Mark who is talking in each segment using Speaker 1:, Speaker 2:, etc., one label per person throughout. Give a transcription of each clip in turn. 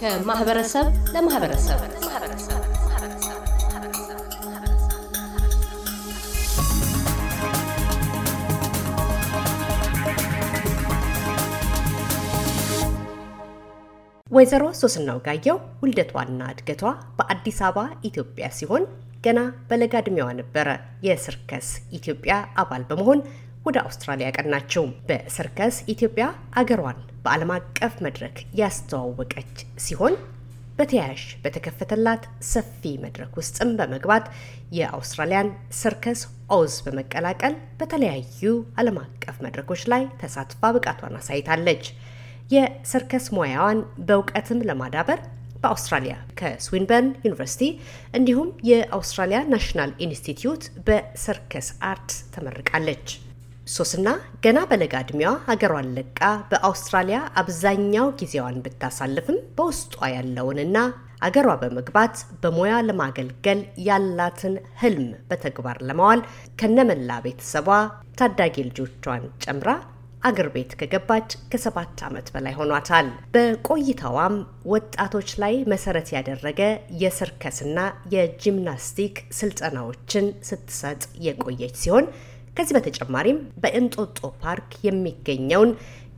Speaker 1: ከማህበረሰብ ለማህበረሰብ ወይዘሮ ሶስና ጋየው ውልደቷና እድገቷ በአዲስ አበባ ኢትዮጵያ ሲሆን ገና በለጋ ዕድሜዋ ነበረ የሰርከስ ኢትዮጵያ አባል በመሆን ወደ አውስትራሊያ ያቀናችው። በሰርከስ ኢትዮጵያ አገሯን በዓለም አቀፍ መድረክ ያስተዋወቀች ሲሆን በተያያዥ በተከፈተላት ሰፊ መድረክ ውስጥም በመግባት የአውስትራሊያን ሰርከስ ኦዝ በመቀላቀል በተለያዩ ዓለም አቀፍ መድረኮች ላይ ተሳትፋ ብቃቷን አሳይታለች። የሰርከስ ሙያዋን በእውቀትም ለማዳበር በአውስትራሊያ ከስዊንበርን ዩኒቨርሲቲ እንዲሁም የአውስትራሊያ ናሽናል ኢንስቲትዩት በሰርከስ አርት ተመርቃለች። ሶስና ገና በለጋ እድሜዋ ሀገሯን ለቃ በአውስትራሊያ አብዛኛው ጊዜዋን ብታሳልፍም በውስጧ ያለውንና አገሯ በመግባት በሙያ ለማገልገል ያላትን ህልም በተግባር ለማዋል ከነመላ ቤተሰቧ ታዳጊ ልጆቿን ጨምራ አገር ቤት ከገባች ከሰባት ዓመት በላይ ሆኗታል። በቆይታዋም ወጣቶች ላይ መሰረት ያደረገ የሰርከስና የጂምናስቲክ ስልጠናዎችን ስትሰጥ የቆየች ሲሆን ከዚህ በተጨማሪም በእንጦጦ ፓርክ የሚገኘውን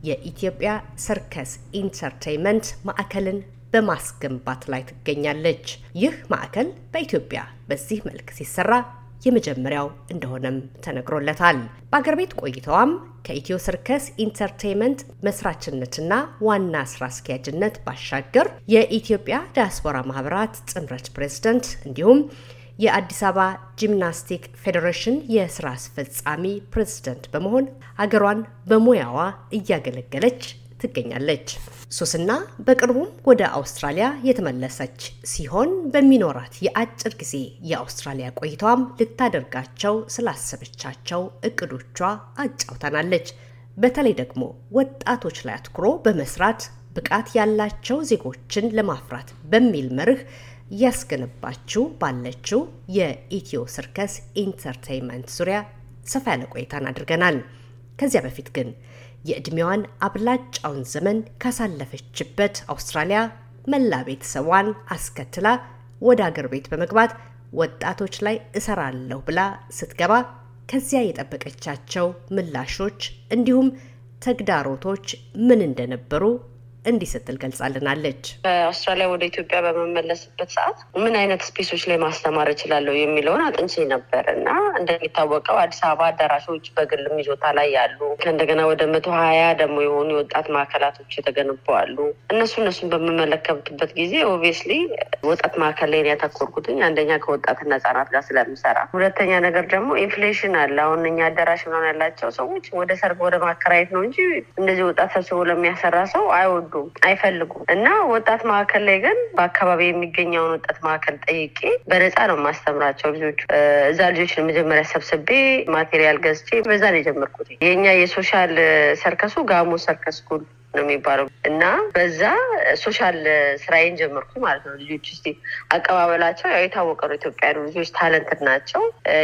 Speaker 1: የኢትዮጵያ ሰርከስ ኢንተርቴንመንት ማዕከልን በማስገንባት ላይ ትገኛለች። ይህ ማዕከል በኢትዮጵያ በዚህ መልክ ሲሰራ የመጀመሪያው እንደሆነም ተነግሮለታል። በአገር ቤት ቆይታዋም ከኢትዮ ሰርከስ ኢንተርቴይመንት መስራችነትና ዋና ስራ አስኪያጅነት ባሻገር የኢትዮጵያ ዲያስፖራ ማህበራት ጥምረት ፕሬዝደንት እንዲሁም የአዲስ አበባ ጂምናስቲክ ፌዴሬሽን የስራ አስፈጻሚ ፕሬዝደንት በመሆን አገሯን በሙያዋ እያገለገለች ትገኛለች። ሱስና በቅርቡም ወደ አውስትራሊያ የተመለሰች ሲሆን በሚኖራት የአጭር ጊዜ የአውስትራሊያ ቆይታዋም ልታደርጋቸው ስላሰበቻቸው እቅዶቿ አጫውተናለች። በተለይ ደግሞ ወጣቶች ላይ አትኩሮ በመስራት ብቃት ያላቸው ዜጎችን ለማፍራት በሚል መርህ እያስገነባችው ባለችው የኢትዮ ሰርከስ ኢንተርቴይንመንት ዙሪያ ሰፋ ያለ ቆይታን አድርገናል። ከዚያ በፊት ግን የዕድሜዋን አብላጫውን ዘመን ካሳለፈችበት አውስትራሊያ መላ ቤተሰቧን አስከትላ ወደ አገር ቤት በመግባት ወጣቶች ላይ እሰራለሁ ብላ ስትገባ ከዚያ የጠበቀቻቸው ምላሾች እንዲሁም ተግዳሮቶች ምን እንደነበሩ እንዲህ ስትል ገልጻልናለች።
Speaker 2: አውስትራሊያ ወደ ኢትዮጵያ በመመለስበት ሰዓት ምን አይነት ስፔሶች ላይ ማስተማር እችላለሁ የሚለውን አጥንቼ ነበር እና እንደሚታወቀው አዲስ አበባ አዳራሾች በግልም ይዞታ ላይ ያሉ ከእንደገና ወደ መቶ ሀያ ደግሞ የሆኑ የወጣት ማዕከላቶች የተገነቡ አሉ። እነሱ እነሱን በምመለከትበት ጊዜ ኦብቪየስሊ ወጣት ማዕከል ላይ ያተኮርኩትኝ አንደኛ ከወጣትና ህጻናት ጋር ስለምሰራ፣ ሁለተኛ ነገር ደግሞ ኢንፍሌሽን አለ። አሁን እኛ አዳራሽ ምናምን ያላቸው ሰዎች ወደ ሰርግ ወደ ማከራየት ነው እንጂ እንደዚህ ወጣት ሰብስቦ ለሚያሰራ ሰው አይወዱ አይፈልጉም አይፈልጉም እና ወጣት ማዕከል ላይ ግን በአካባቢ የሚገኘውን ወጣት ማዕከል ጠይቄ በነፃ ነው የማስተምራቸው ልጆቹ። እዛ ልጆችን መጀመሪያ ሰብስቤ ማቴሪያል ገዝቼ በዛ ነው የጀመርኩት። የእኛ የሶሻል ሰርከሱ ጋሞ ሰርከስ ስኩል ነው የሚባለው እና በዛ ሶሻል ስራዬን ጀመርኩ ማለት ነው። ልጆች ስ አቀባበላቸው ያው የታወቀ ነው። ኢትዮጵያ ልጆች ታለንትድ ናቸው።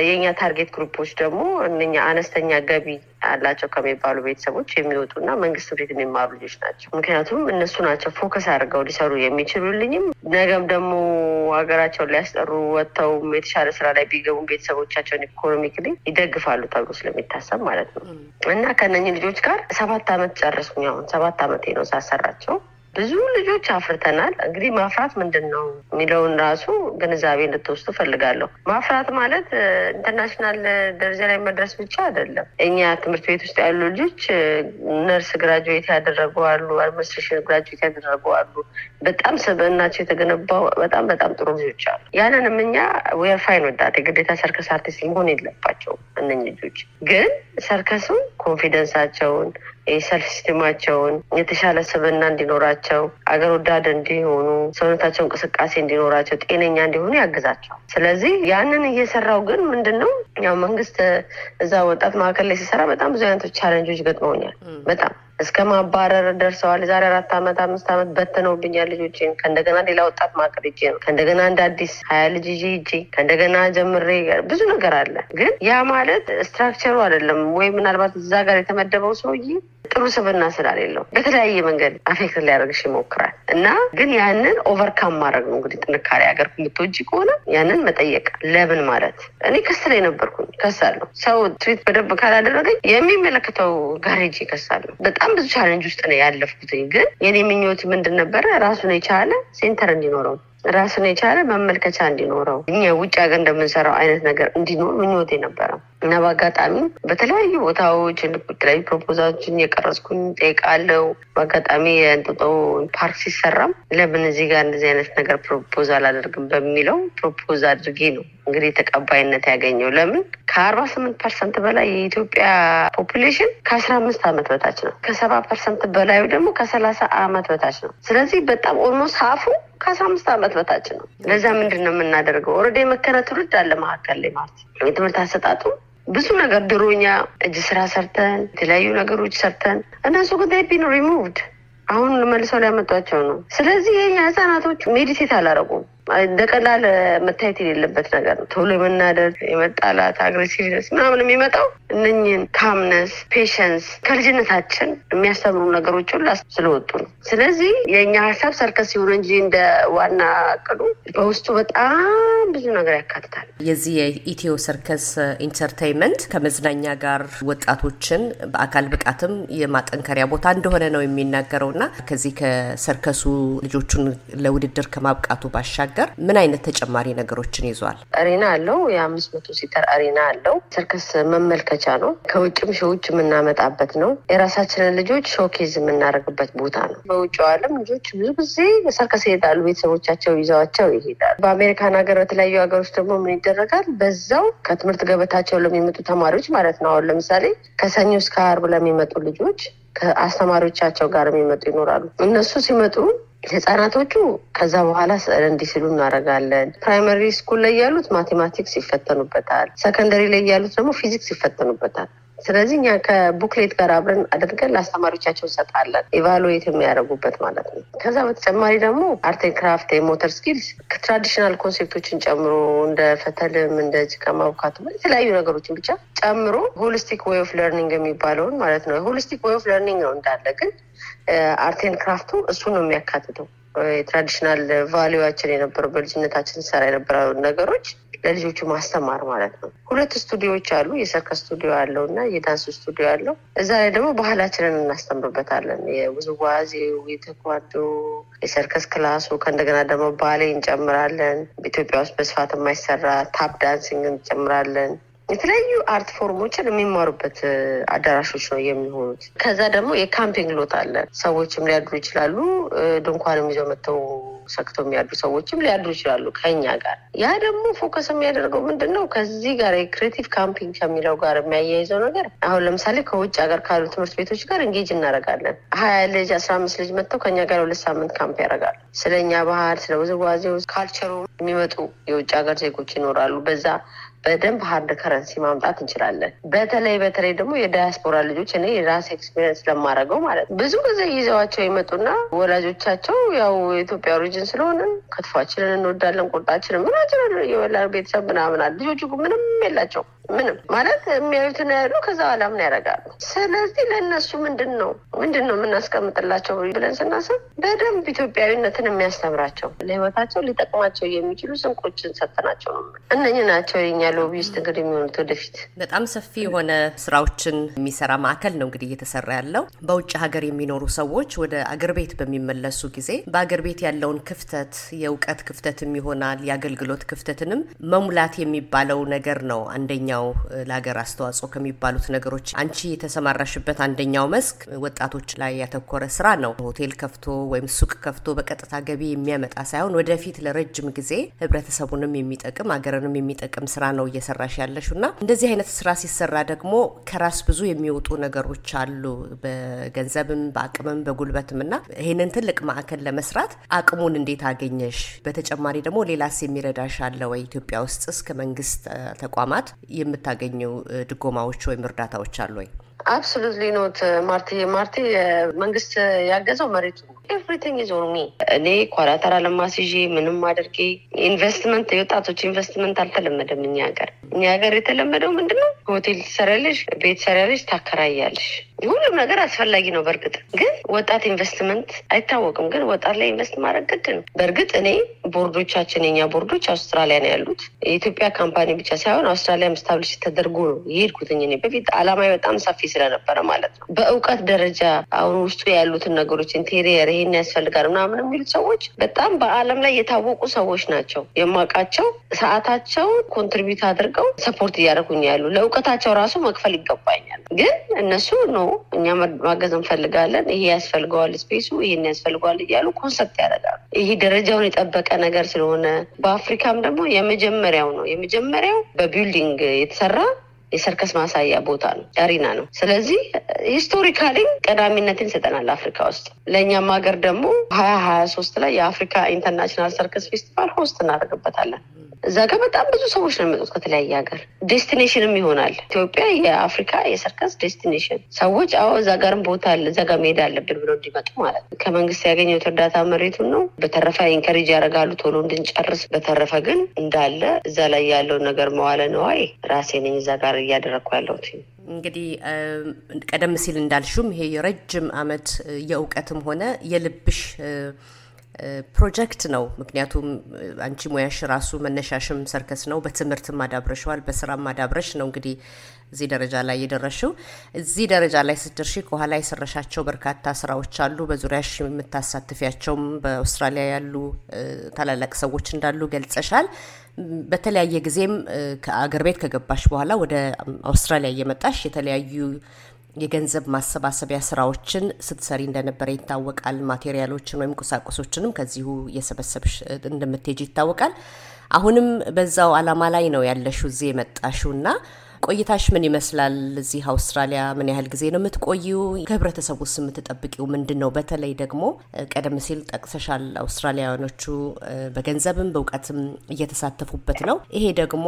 Speaker 2: የእኛ ታርጌት ግሩፖች ደግሞ እነኛ አነስተኛ ገቢ አላቸው ከሚባሉ ቤተሰቦች የሚወጡና መንግስት ቤት የሚማሩ ልጆች ናቸው። ምክንያቱም እነሱ ናቸው ፎከስ አድርገው ሊሰሩ የሚችሉልኝም ነገም ደግሞ ሀገራቸውን ሊያስጠሩ ወጥተውም የተሻለ ስራ ላይ ቢገቡ ቤተሰቦቻቸውን ኢኮኖሚክሊ ይደግፋሉ ተብሎ ስለሚታሰብ ማለት ነው እና ከነኝ ልጆች ጋር ሰባት አመት ጨረስኩኝ። አሁን ሰባት ዓመቴ ነው ሳሰራቸው። ብዙ ልጆች አፍርተናል። እንግዲህ ማፍራት ምንድን ነው የሚለውን ራሱ ግንዛቤ እንድትወስዱ ፈልጋለሁ። ማፍራት ማለት ኢንተርናሽናል ደረጃ ላይ መድረስ ብቻ አይደለም። እኛ ትምህርት ቤት ውስጥ ያሉ ልጆች ነርስ ግራጁዌት ያደረጉ አሉ፣ አድሚኒስትሬሽን ግራጁዌት ያደረጉ አሉ። በጣም ስብዕናቸው የተገነባው በጣም በጣም ጥሩ ልጆች አሉ። ያንንም እኛ ወርፋይ ወዳት የግዴታ ሰርከስ አርቲስት መሆን የለባቸው እነኝ ልጆች ግን ሰርከሱን ኮንፊደንሳቸውን የሰልፍ ሲስቴማቸውን የተሻለ ስብና እንዲኖራቸው አገር ወዳድ እንዲሆኑ ሰውነታቸው እንቅስቃሴ እንዲኖራቸው ጤነኛ እንዲሆኑ ያግዛቸው። ስለዚህ ያንን እየሰራው ግን ምንድን ነው ያው መንግስት እዛ ወጣት መካከል ላይ ሲሰራ በጣም ብዙ አይነቶች ቻለንጆች ገጥመውኛል። በጣም እስከ ማባረር ደርሰዋል። የዛሬ አራት ዓመት አምስት ዓመት በትነውብኛል ልጆችን። ከእንደገና ሌላ ወጣት ማዕከል ሄጄ ነው ከእንደገና እንደ አዲስ ሀያ ልጅ ይዤ ሄጄ ከእንደገና ጀምሬ ብዙ ነገር አለ። ግን ያ ማለት ስትራክቸሩ አይደለም ወይ ምናልባት እዛ ጋር የተመደበው ሰውዬ ጥሩ ስብና ስላሌለው በተለያየ መንገድ አፌክት ሊያደርግሽ ይሞክራል እና ግን ያንን ኦቨርካም ማድረግ ነው እንግዲህ ጥንካሬ ሀገር የምትወጂ ከሆነ ያንን መጠየቅ ለምን ማለት እኔ ክስ ላይ ነበርኩኝ ከሳለሁ ሰው ትዊት በደንብ ካላደረገኝ የሚመለከተው ጋሬጅ ከሳለሁ በጣም ብዙ ቻለንጅ ውስጥ ነው ያለፍኩትኝ ግን የኔ ምኞት ምንድን ነበረ ራሱን የቻለ ሴንተር እንዲኖረው ራሱን የቻለ መመልከቻ እንዲኖረው እኛ ውጭ ሀገር እንደምንሰራው አይነት ነገር እንዲኖር ምኞቴ ነበረ እና በአጋጣሚ በተለያዩ ቦታዎች የተለያዩ ፕሮፖዛችን የቀረጽኩኝ ጠይቃለው። በአጋጣሚ የእንጦጦ ፓርክ ሲሰራም ለምን እዚህ ጋር እንደዚህ አይነት ነገር ፕሮፖዝ አላደርግም በሚለው ፕሮፖዝ አድርጌ ነው እንግዲህ ተቀባይነት ያገኘው። ለምን ከአርባ ስምንት ፐርሰንት በላይ የኢትዮጵያ ፖፑሌሽን ከአስራ አምስት ዓመት በታች ነው። ከሰባ ፐርሰንት በላዩ ደግሞ ከሰላሳ ዓመት በታች ነው። ስለዚህ በጣም ኦልሞስት ሀፉ ከአስራ አምስት ዓመት በታች ነው። ለዛ ምንድን ነው የምናደርገው? ኦልሬዲ የመከነ ትውልድ አለ መካከል ላይ ማለት የትምህርት አሰጣጡ ብዙ ነገር ድሮኛ እጅ ስራ ሰርተን የተለያዩ ነገሮች ሰርተን እነሱ ግን ቢን ሪሙቭድ አሁን መልሰው ሊያመጧቸው ነው። ስለዚህ የኛ ህፃናቶች ሜዲሴት አላረጉም። እንደቀላል መታየት የሌለበት ነገር ነው። ቶሎ የመናደር የመጣላት አግሬሲቭነስ ምናምን የሚመጣው እነኝን ካምነስ፣ ፔሸንስ ከልጅነታችን የሚያስተምሩ ነገሮች ሁላ ስለወጡ ነው። ስለዚህ የእኛ ሀሳብ ሰርከስ ሲሆን እንጂ እንደ ዋና ቅዱ በውስጡ በጣም ብዙ ነገር ያካትታል። የዚህ የኢትዮ ሰርከስ
Speaker 1: ኢንተርቴይንመንት ከመዝናኛ ጋር ወጣቶችን በአካል ብቃትም የማጠንከሪያ ቦታ እንደሆነ ነው የሚናገረው እና ከዚህ ከሰርከሱ ልጆቹን ለውድድር ከማብቃቱ ባሻገር ባሻገር ምን አይነት ተጨማሪ ነገሮችን ይዟል?
Speaker 2: አሬና አለው። የአምስት መቶ ሲተር አሬና አለው። ሰርከስ መመልከቻ ነው። ከውጭም ሸዎች የምናመጣበት ነው። የራሳችንን ልጆች ሾኬዝ የምናደርግበት ቦታ ነው። በውጭ ዓለም ልጆች ብዙ ጊዜ ሰርከስ ይሄዳሉ። ቤተሰቦቻቸው ይዘዋቸው ይሄዳሉ። በአሜሪካን ሀገር፣ በተለያዩ ሀገሮች ደግሞ ምን ይደረጋል? በዛው ከትምህርት ገበታቸው ለሚመጡ ተማሪዎች ማለት ነው። አሁን ለምሳሌ ከሰኞ እስከ አርብ ለሚመጡ ልጆች ከአስተማሪዎቻቸው ጋር የሚመጡ ይኖራሉ። እነሱ ሲመጡ ህጻናቶቹ ከዛ በኋላ ስዕል እንዲስሉ እናደርጋለን። ፕራይመሪ ስኩል ላይ ያሉት ማቴማቲክስ ይፈተኑበታል። ሰከንደሪ ላይ ያሉት ደግሞ ፊዚክስ ይፈተኑበታል። ስለዚህ እኛ ከቡክሌት ጋር አብረን አድርገን ለአስተማሪዎቻቸው እንሰጣለን፣ ኢቫሉዌት የሚያደርጉበት ማለት ነው። ከዛ በተጨማሪ ደግሞ አርቴን ክራፍት የሞተር ስኪልስ ትራዲሽናል ኮንሴፕቶችን ጨምሮ እንደ ፈተልም እንደ ጭቃ ማቡካት የተለያዩ ነገሮችን ብቻ ጨምሮ ሆሊስቲክ ወይ ኦፍ ለርኒንግ የሚባለውን ማለት ነው። ሆሊስቲክ ወይ ኦፍ ለርኒንግ ነው እንዳለ ግን አርቴን ክራፍቱ እሱ ነው የሚያካትተው። የትራዲሽናል ቫሊዋችን የነበሩ በልጅነታችን ሰራ የነበረው ነገሮች ለልጆቹ ማስተማር ማለት ነው። ሁለት ስቱዲዮዎች አሉ። የሰርከስ ስቱዲዮ ያለው እና የዳንስ ስቱዲዮ ያለው። እዛ ላይ ደግሞ ባህላችንን እናስተምርበታለን። የውዝዋዜው፣ የተኳዶ፣ የሰርከስ ክላሱ ከእንደገና ደግሞ ባሌ እንጨምራለን። ኢትዮጵያ ውስጥ በስፋት የማይሰራ ታፕ ዳንሲንግ እንጨምራለን። የተለያዩ አርት ፎርሞችን የሚማሩበት አዳራሾች ነው የሚሆኑት። ከዛ ደግሞ የካምፒንግ ሎት አለ። ሰዎችም ሊያድሩ ይችላሉ። ድንኳንም ይዘው መጥተው ሰክተው የሚያድሩ ሰዎችም ሊያድሩ ይችላሉ ከኛ ጋር። ያ ደግሞ ፎከስ የሚያደርገው ምንድን ነው? ከዚህ ጋር የክሬቲቭ ካምፒንግ ከሚለው ጋር የሚያያይዘው ነገር አሁን ለምሳሌ ከውጭ ሀገር ካሉ ትምህርት ቤቶች ጋር እንጌጅ እናደርጋለን። ሀያ ልጅ አስራ አምስት ልጅ መጥተው ከኛ ጋር ሁለት ሳምንት ካምፕ ያደርጋሉ። ስለ እኛ ባህል፣ ስለ ውዝዋዜው፣ ካልቸሩ የሚመጡ የውጭ ሀገር ዜጎች ይኖራሉ። በዛ በደንብ ሀርድ ከረንሲ ማምጣት እንችላለን። በተለይ በተለይ ደግሞ የዳያስፖራ ልጆች እኔ የራስ ኤክስፔሪንስ ለማድረገው ማለት ነው ብዙ ጊዜ ይዘዋቸው ይመጡና ወላጆቻቸው ያው የኢትዮጵያ ኦሪጅን ስለሆነ ክትፏችንን እንወዳለን፣ ቁርጣችንን ምናችንን እየበላን ቤተሰብ ምናምናል። ልጆቹ ምንም የላቸው ምንም ማለት የሚያዩትን ያሉ ከዛ በኋላ ምን ያደርጋሉ? ስለዚህ ለእነሱ ምንድን ነው ምንድን ነው የምናስቀምጥላቸው ብለን ስናስብ በደንብ ኢትዮጵያዊነትን የሚያስተምራቸው ለህይወታቸው ሊጠቅማቸው የሚችሉ ስንቆችን ሰጠናቸው ነው። እነኝ ናቸው የኛ ሎቢስት እንግዲህ የሚሆኑት ወደፊት።
Speaker 1: በጣም ሰፊ የሆነ ስራዎችን የሚሰራ ማዕከል ነው እንግዲህ እየተሰራ ያለው። በውጭ ሀገር የሚኖሩ ሰዎች ወደ አገር ቤት በሚመለሱ ጊዜ በአገር ቤት ያለውን ክፍተት የእውቀት ክፍተትም ይሆናል የአገልግሎት ክፍተትንም መሙላት የሚባለው ነገር ነው አንደኛ አንደኛው ለሀገር አስተዋጽኦ ከሚባሉት ነገሮች አንቺ የተሰማራሽበት አንደኛው መስክ ወጣቶች ላይ ያተኮረ ስራ ነው። ሆቴል ከፍቶ ወይም ሱቅ ከፍቶ በቀጥታ ገቢ የሚያመጣ ሳይሆን ወደፊት ለረጅም ጊዜ ህብረተሰቡንም የሚጠቅም ሀገርንም የሚጠቅም ስራ ነው እየሰራሽ ያለሽው እና እንደዚህ አይነት ስራ ሲሰራ ደግሞ ከራስ ብዙ የሚወጡ ነገሮች አሉ በገንዘብም በአቅምም በጉልበትም እና ይህንን ትልቅ ማዕከል ለመስራት አቅሙን እንዴት አገኘሽ? በተጨማሪ ደግሞ ሌላስ የሚረዳሽ አለ ወይ? ኢትዮጵያ ውስጥ እስከ መንግስት ተቋማት የምታገኘው ድጎማዎች ወይም እርዳታዎች አሉ ወይ?
Speaker 2: አብሶሉትሊ ኖት ማርቲ ማርቲ መንግስት ያገዘው መሬቱ ኤቭሪቲንግ ኢዝ ኦን ሚ እኔ ኳራተራ ለማስይዤ ምንም አድርጌ ኢንቨስትመንት የወጣቶች ኢንቨስትመንት አልተለመደም እኛ ሀገር እኛ ሀገር የተለመደው ምንድን ነው? ሆቴል ትሰሪያለሽ፣ ቤት ትሰሪያለሽ፣ ታከራያለሽ። ሁሉም ነገር አስፈላጊ ነው። በእርግጥ ግን ወጣት ኢንቨስትመንት አይታወቅም፣ ግን ወጣት ላይ ኢንቨስት ማድረግ ግድ ነው። በእርግጥ እኔ ቦርዶቻችን የኛ ቦርዶች አውስትራሊያ ነው ያሉት። የኢትዮጵያ ካምፓኒ ብቻ ሳይሆን አውስትራሊያ ስታብሊሽ ተደርጎ ነው የሄድኩትኝ። እኔ በፊት አላማ በጣም ሰፊ ስለነበረ ማለት ነው። በእውቀት ደረጃ አሁን ውስጡ ያሉትን ነገሮች ኢንቴሪየር፣ ይሄን ያስፈልጋል ምናምን የሚሉት ሰዎች በጣም በአለም ላይ የታወቁ ሰዎች ናቸው። የማውቃቸው ሰዓታቸው ኮንትሪቢዩት አድርገው አድርገው ሰፖርት እያደረጉኝ ያሉ ለእውቀታቸው ራሱ መክፈል ይገባኛል። ግን እነሱ ነው እኛ ማገዝ እንፈልጋለን፣ ይሄ ያስፈልገዋል፣ ስፔሱ ይሄን ያስፈልገዋል እያሉ ኮንሰፕት ያደርጋሉ። ይሄ ደረጃውን የጠበቀ ነገር ስለሆነ በአፍሪካም ደግሞ የመጀመሪያው ነው የመጀመሪያው በቢልዲንግ የተሰራ የሰርከስ ማሳያ ቦታ ነው፣ አሪና ነው። ስለዚህ ሂስቶሪካሊ ቀዳሚነትን ይሰጠናል አፍሪካ ውስጥ። ለእኛም ሀገር ደግሞ ሀያ ሀያ ሶስት ላይ የአፍሪካ ኢንተርናሽናል ሰርከስ ፌስቲቫል ሆስት እናደርግበታለን። እዛ ጋር በጣም ብዙ ሰዎች ነው የሚመጡት ከተለያየ ሀገር። ዴስቲኔሽንም ይሆናል ኢትዮጵያ የአፍሪካ የሰርከስ ዴስቲኔሽን ሰዎች አዎ እዛ ጋርም ቦታ አለ እዛ ጋር መሄድ አለብን ብሎ እንዲመጡ ማለት ነው። ከመንግስት ያገኘሁት እርዳታ መሬቱን ነው። በተረፈ ኢንከሬጅ ያደርጋሉ ቶሎ እንድንጨርስ። በተረፈ ግን እንዳለ እዛ ላይ ያለውን ነገር መዋለ ነዋይ ራሴ ነኝ እዛ ጋር እያደረግኩ ያለሁት።
Speaker 1: እንግዲህ ቀደም ሲል እንዳልሹም ይሄ የረጅም አመት የእውቀትም ሆነ የልብሽ ፕሮጀክት ነው። ምክንያቱም አንቺ ሙያሽ ራሱ መነሻሽም ሰርከስ ነው። በትምህርትም ማዳብረሸዋል፣ በስራም ማዳብረሽ ነው። እንግዲህ እዚህ ደረጃ ላይ የደረሽው እዚህ ደረጃ ላይ ስትደርሺ ከኋላ የሰረሻቸው በርካታ ስራዎች አሉ። በዙሪያሽ የምታሳትፊያቸውም በአውስትራሊያ ያሉ ታላላቅ ሰዎች እንዳሉ ገልጸሻል። በተለያየ ጊዜም ከአገር ቤት ከገባሽ በኋላ ወደ አውስትራሊያ እየመጣሽ የተለያዩ የገንዘብ ማሰባሰቢያ ስራዎችን ስትሰሪ እንደነበረ ይታወቃል። ማቴሪያሎችን ወይም ቁሳቁሶችንም ከዚሁ የሰበሰብሽ እንደምትሄጅ ይታወቃል። አሁንም በዛው አላማ ላይ ነው ያለሽው እዚህ የመጣሽው እና ቆይታሽ ምን ይመስላል? እዚህ አውስትራሊያ ምን ያህል ጊዜ ነው የምትቆዩ? ከህብረተሰቡ ውስጥ የምትጠብቂው ምንድን ነው? በተለይ ደግሞ ቀደም ሲል ጠቅሰሻል፣ አውስትራሊያውያኖቹ በገንዘብም በእውቀትም እየተሳተፉበት ነው። ይሄ ደግሞ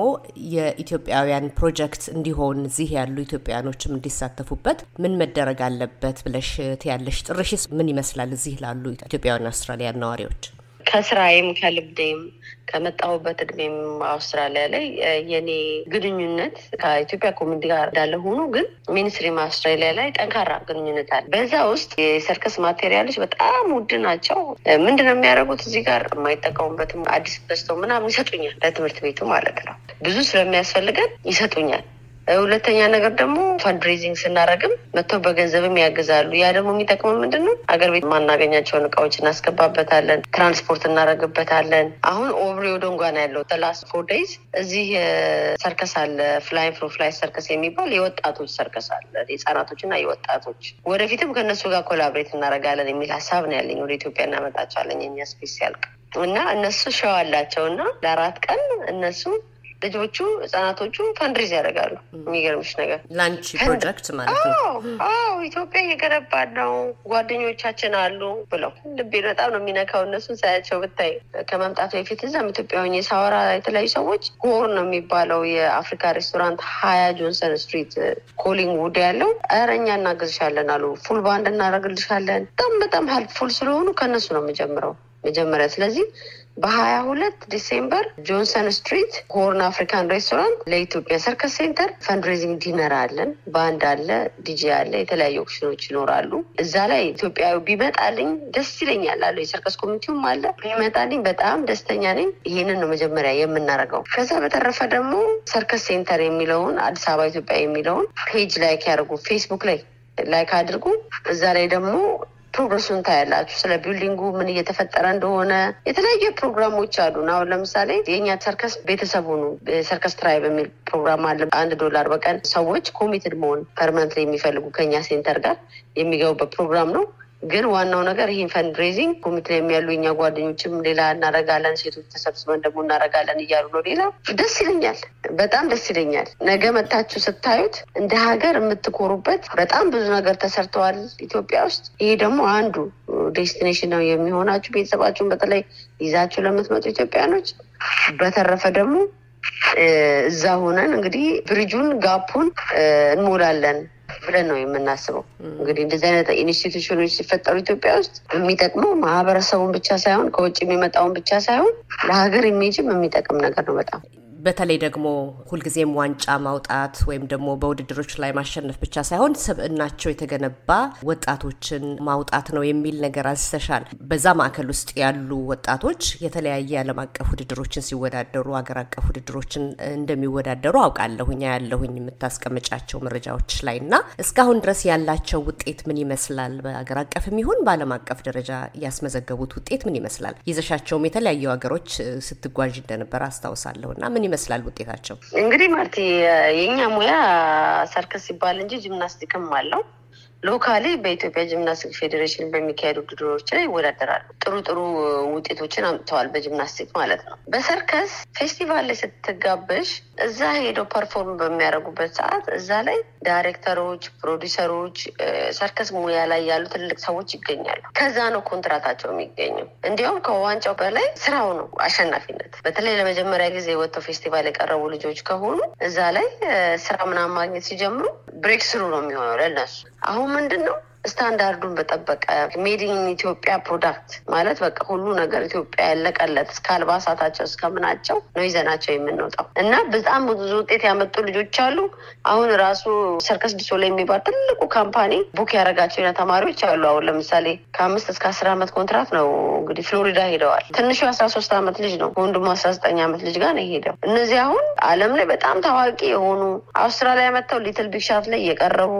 Speaker 1: የኢትዮጵያውያን ፕሮጀክት እንዲሆን እዚህ ያሉ ኢትዮጵያውያኖችም እንዲሳተፉበት ምን መደረግ አለበት ብለሽ ትያለሽ? ጥርሽስ ምን ይመስላል እዚህ ላሉ ኢትዮጵያውያን አውስትራሊያን ነዋሪዎች?
Speaker 2: ከስራዬም ከልምዴም ከመጣሁበት እድሜም አውስትራሊያ ላይ የኔ ግንኙነት ከኢትዮጵያ ኮሚኒቲ ጋር እንዳለ ሆኖ ግን ሚኒስትሪም አውስትራሊያ ላይ ጠንካራ ግንኙነት አለ። በዛ ውስጥ የሰርከስ ማቴሪያሎች በጣም ውድ ናቸው። ነው የሚያደርጉት እዚህ ጋር የማይጠቀሙበትም አዲስ በስተው ምናምን ይሰጡኛል፣ ለትምህርት ቤቱ ማለት ነው። ብዙ ስለሚያስፈልገን ይሰጡኛል። ሁለተኛ ነገር ደግሞ ፈንድሬዚንግ ስናደረግም መጥተው በገንዘብም ያግዛሉ። ያ ደግሞ የሚጠቅመው ምንድን ነው? አገር ቤት የማናገኛቸውን እቃዎች እናስገባበታለን፣ ትራንስፖርት እናደረግበታለን። አሁን ኦብሪ ዶንጓን ያለው ተላስ ፎር ዴይዝ እዚህ ሰርከስ አለ፣ ፍላይ ፍሮ ፍላይ ሰርከስ የሚባል የወጣቶች ሰርከስ አለ፣ የህጻናቶች እና የወጣቶች። ወደፊትም ከእነሱ ጋር ኮላብሬት እናደረጋለን የሚል ሀሳብ ነው ያለኝ። ወደ ኢትዮጵያ እናመጣቸዋለን የኛ ስፔስ ያልቅ እና እነሱ ሸዋ አላቸው እና ለአራት ቀን እነሱ ልጆቹ ህጻናቶቹ ፈንድሪዝ ያደርጋሉ። የሚገርምሽ ነገር
Speaker 1: ላንቺ ፕሮጀክት ማለት
Speaker 2: ነው። ኢትዮጵያ እየገነባን ነው፣ ጓደኞቻችን አሉ ብለው ልቤ በጣም ነው የሚነካው። እነሱን ሳያቸው ብታይ ከመምጣቱ በፊት እዛም ኢትዮጵያ ሆኜ ሳወራ የተለያዩ ሰዎች ጎር ነው የሚባለው የአፍሪካ ሬስቶራንት ሀያ ጆንሰን ስትሪት ኮሊንግ ውድ ያለው ኧረ እኛ እናግዝሻለን አሉ። ፉል ባንድ እናደርግልሻለን። በጣም በጣም ሀልፕፉል ስለሆኑ ከእነሱ ነው የምጀምረው መጀመሪያ ስለዚህ በሀያ ሁለት ዲሴምበር ጆንሰን ስትሪት ሆርን አፍሪካን ሬስቶራንት ለኢትዮጵያ ሰርከስ ሴንተር ፈንድሬዚንግ ዲነር አለን። ባንድ አለ፣ ዲጄ አለ፣ የተለያዩ ኦፕሽኖች ይኖራሉ። እዛ ላይ ኢትዮጵያዊ ቢመጣልኝ ደስ ይለኛል አለ። የሰርከስ ኮሚኒቲውም አለ። ቢመጣልኝ በጣም ደስተኛ ነኝ። ይህንን ነው መጀመሪያ የምናደርገው። ከዛ በተረፈ ደግሞ ሰርከስ ሴንተር የሚለውን አዲስ አበባ ኢትዮጵያ የሚለውን ፔጅ ላይክ ያደርጉ፣ ፌስቡክ ላይ ላይክ አድርጉ። እዛ ላይ ደግሞ ፕሮግረሱን ታያላችሁ። ስለ ቢልዲንጉ ምን እየተፈጠረ እንደሆነ የተለያየ ፕሮግራሞች አሉን። አሁን ለምሳሌ የእኛ ሰርከስ ቤተሰቡ ነው። ሰርከስ ትራይ የሚል ፕሮግራም አለ። አንድ ዶላር በቀን ሰዎች ኮሚትድ መሆን ፐርመንት የሚፈልጉ ከኛ ሴንተር ጋር የሚገቡበት ፕሮግራም ነው። ግን ዋናው ነገር ይህን ፈንድሬዚንግ ኮሚቴ ላይ የሚያሉ እኛ ጓደኞችም ሌላ እናረጋለን፣ ሴቶች ተሰብስበን ደግሞ እናረጋለን እያሉ ነው። ሌላ ደስ ይለኛል፣ በጣም ደስ ይለኛል። ነገ መታችሁ ስታዩት እንደ ሀገር የምትኮሩበት በጣም ብዙ ነገር ተሰርተዋል ኢትዮጵያ ውስጥ። ይሄ ደግሞ አንዱ ዴስቲኔሽን ነው የሚሆናችሁ ቤተሰባችሁን በተለይ ይዛችሁ ለምትመጡ ኢትዮጵያኖች። በተረፈ ደግሞ እዛ ሆነን እንግዲህ ብሪጁን ጋፑን እንሞላለን። ብለን ነው የምናስበው። እንግዲህ እንደዚህ አይነት ኢንስቲቱሽኖች ሲፈጠሩ ኢትዮጵያ ውስጥ የሚጠቅመው ማህበረሰቡን ብቻ ሳይሆን ከውጭ የሚመጣውን ብቻ ሳይሆን ለሀገር ኢሜጅም የሚጠቅም ነገር ነው በጣም
Speaker 1: በተለይ ደግሞ ሁልጊዜም ዋንጫ ማውጣት ወይም ደግሞ በውድድሮች ላይ ማሸነፍ ብቻ ሳይሆን ስብዕናቸው የተገነባ ወጣቶችን ማውጣት ነው የሚል ነገር አንስተሻል። በዛ ማዕከል ውስጥ ያሉ ወጣቶች የተለያየ ዓለም አቀፍ ውድድሮችን ሲወዳደሩ፣ አገር አቀፍ ውድድሮችን እንደሚወዳደሩ አውቃለሁ ያለሁኝ የምታስቀምጫቸው መረጃዎች ላይ እና እስካሁን ድረስ ያላቸው ውጤት ምን ይመስላል? በአገር አቀፍ የሚሆን በዓለም አቀፍ ደረጃ ያስመዘገቡት ውጤት ምን ይመስላል? ይዘሻቸውም የተለያዩ ሀገሮች ስትጓዥ እንደነበር አስታውሳለሁ እና ምን ይመስላል ውጤታቸው?
Speaker 2: እንግዲህ ማርቲ የኛ ሙያ ሰርከስ ሲባል እንጂ ጂምናስቲክም አለው ሎካሊ በኢትዮጵያ ጂምናስቲክ ፌዴሬሽን በሚካሄዱ ውድድሮች ላይ ይወዳደራሉ። ጥሩ ጥሩ ውጤቶችን አምጥተዋል በጂምናስቲክ ማለት ነው። በሰርከስ ፌስቲቫል ላይ ስትጋበሽ እዛ ሄደው ፐርፎርም በሚያደርጉበት ሰዓት እዛ ላይ ዳይሬክተሮች፣ ፕሮዲሰሮች፣ ሰርከስ ሙያ ላይ ያሉ ትልልቅ ሰዎች ይገኛሉ። ከዛ ነው ኮንትራታቸው የሚገኘው። እንዲያውም ከዋንጫው በላይ ስራው ነው አሸናፊነት። በተለይ ለመጀመሪያ ጊዜ የወጥተው ፌስቲቫል የቀረቡ ልጆች ከሆኑ እዛ ላይ ስራ ምናምን ማግኘት ሲጀምሩ ብሬክ ስሩ ነው የሚሆነው ለእነሱ አሁን ምንድን ነው ስታንዳርዱን በጠበቀ ሜድን ኢትዮጵያ ፕሮዳክት ማለት በቃ ሁሉ ነገር ኢትዮጵያ ያለቀለት እስከ አልባሳታቸው እስከምናቸው ነው ይዘናቸው የምንወጣው እና በጣም ብዙ ውጤት ያመጡ ልጆች አሉ። አሁን ራሱ ሰርከስ ላይ የሚባል ትልቁ ካምፓኒ ቡክ ያደረጋቸው ተማሪዎች አሉ። አሁን ለምሳሌ ከአምስት እስከ አስር አመት ኮንትራት ነው እንግዲህ ፍሎሪዳ ሄደዋል። ትንሹ አስራ ሶስት አመት ልጅ ነው፣ ወንድሙ አስራ ዘጠኝ አመት ልጅ ጋር ነው የሄደው እነዚህ አሁን አለም ላይ በጣም ታዋቂ የሆኑ አውስትራሊያ መጥተው ሊትል ቢግ ሻት ላይ የቀረቡ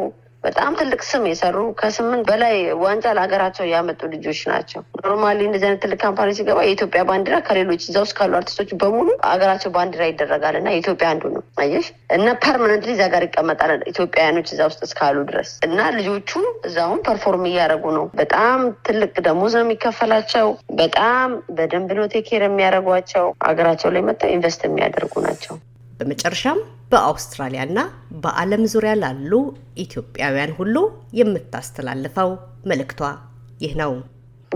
Speaker 2: በጣም ትልቅ ስም የሰሩ ከስምንት በላይ ዋንጫ ለሀገራቸው ያመጡ ልጆች ናቸው። ኖርማሊ እንደዚህ አይነት ትልቅ ካምፓኒ ሲገባ የኢትዮጵያ ባንዲራ ከሌሎች እዛ ውስጥ ካሉ አርቲስቶች በሙሉ ሀገራቸው ባንዲራ ይደረጋል እና ኢትዮጵያ አንዱ ነው። አየሽ እና ፐርማነንትሊ እዛ ጋር ይቀመጣል ኢትዮጵያውያኖች እዛ ውስጥ እስካሉ ድረስ እና ልጆቹ እዛውን ፐርፎርም እያደረጉ ነው። በጣም ትልቅ ደሞዝ ነው የሚከፈላቸው። በጣም በደንብ ነው የሚያደርጓቸው። ሀገራቸው ላይ መጥተው ኢንቨስት የሚያደርጉ ናቸው።
Speaker 1: በመጨረሻም በአውስትራሊያና በዓለም ዙሪያ ላሉ ኢትዮጵያውያን ሁሉ የምታስተላልፈው መልእክቷ
Speaker 2: ይህ ነው።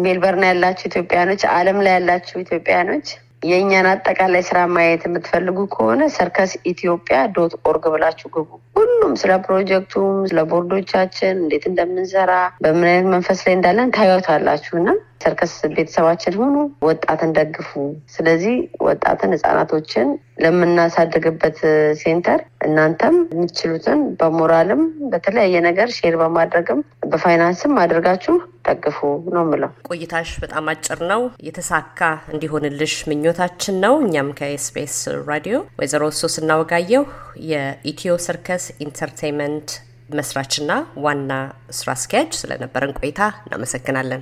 Speaker 2: ሜልበርን ያላችሁ ኢትዮጵያኖች፣ ዓለም ላይ ያላችሁ ኢትዮጵያኖች የእኛን አጠቃላይ ስራ ማየት የምትፈልጉ ከሆነ ሰርከስ ኢትዮጵያ ዶት ኦርግ ብላችሁ ግቡ። ሁሉም ስለ ፕሮጀክቱም ስለ ቦርዶቻችን እንዴት እንደምንሰራ በምን አይነት መንፈስ ላይ እንዳለን ታዩታላችሁ እና ሰርከስ ቤተሰባችን ሁኑ፣ ወጣትን ደግፉ። ስለዚህ ወጣትን፣ ህጻናቶችን ለምናሳድግበት ሴንተር እናንተም የምትችሉትን በሞራልም በተለያየ ነገር ሼር በማድረግም በፋይናንስም አድርጋችሁ ደግፉ ነው ምለው።
Speaker 1: ቆይታሽ በጣም አጭር ነው፣ የተሳካ እንዲሆንልሽ ምኞታችን ነው። እኛም ከኤስቢኤስ ራዲዮ ወይዘሮ ሶስና ወጋየሁ የኢትዮ ሰርከስ ኢንተርቴንመንት መስራችና ዋና ስራ አስኪያጅ ስለነበረን ቆይታ እናመሰግናለን።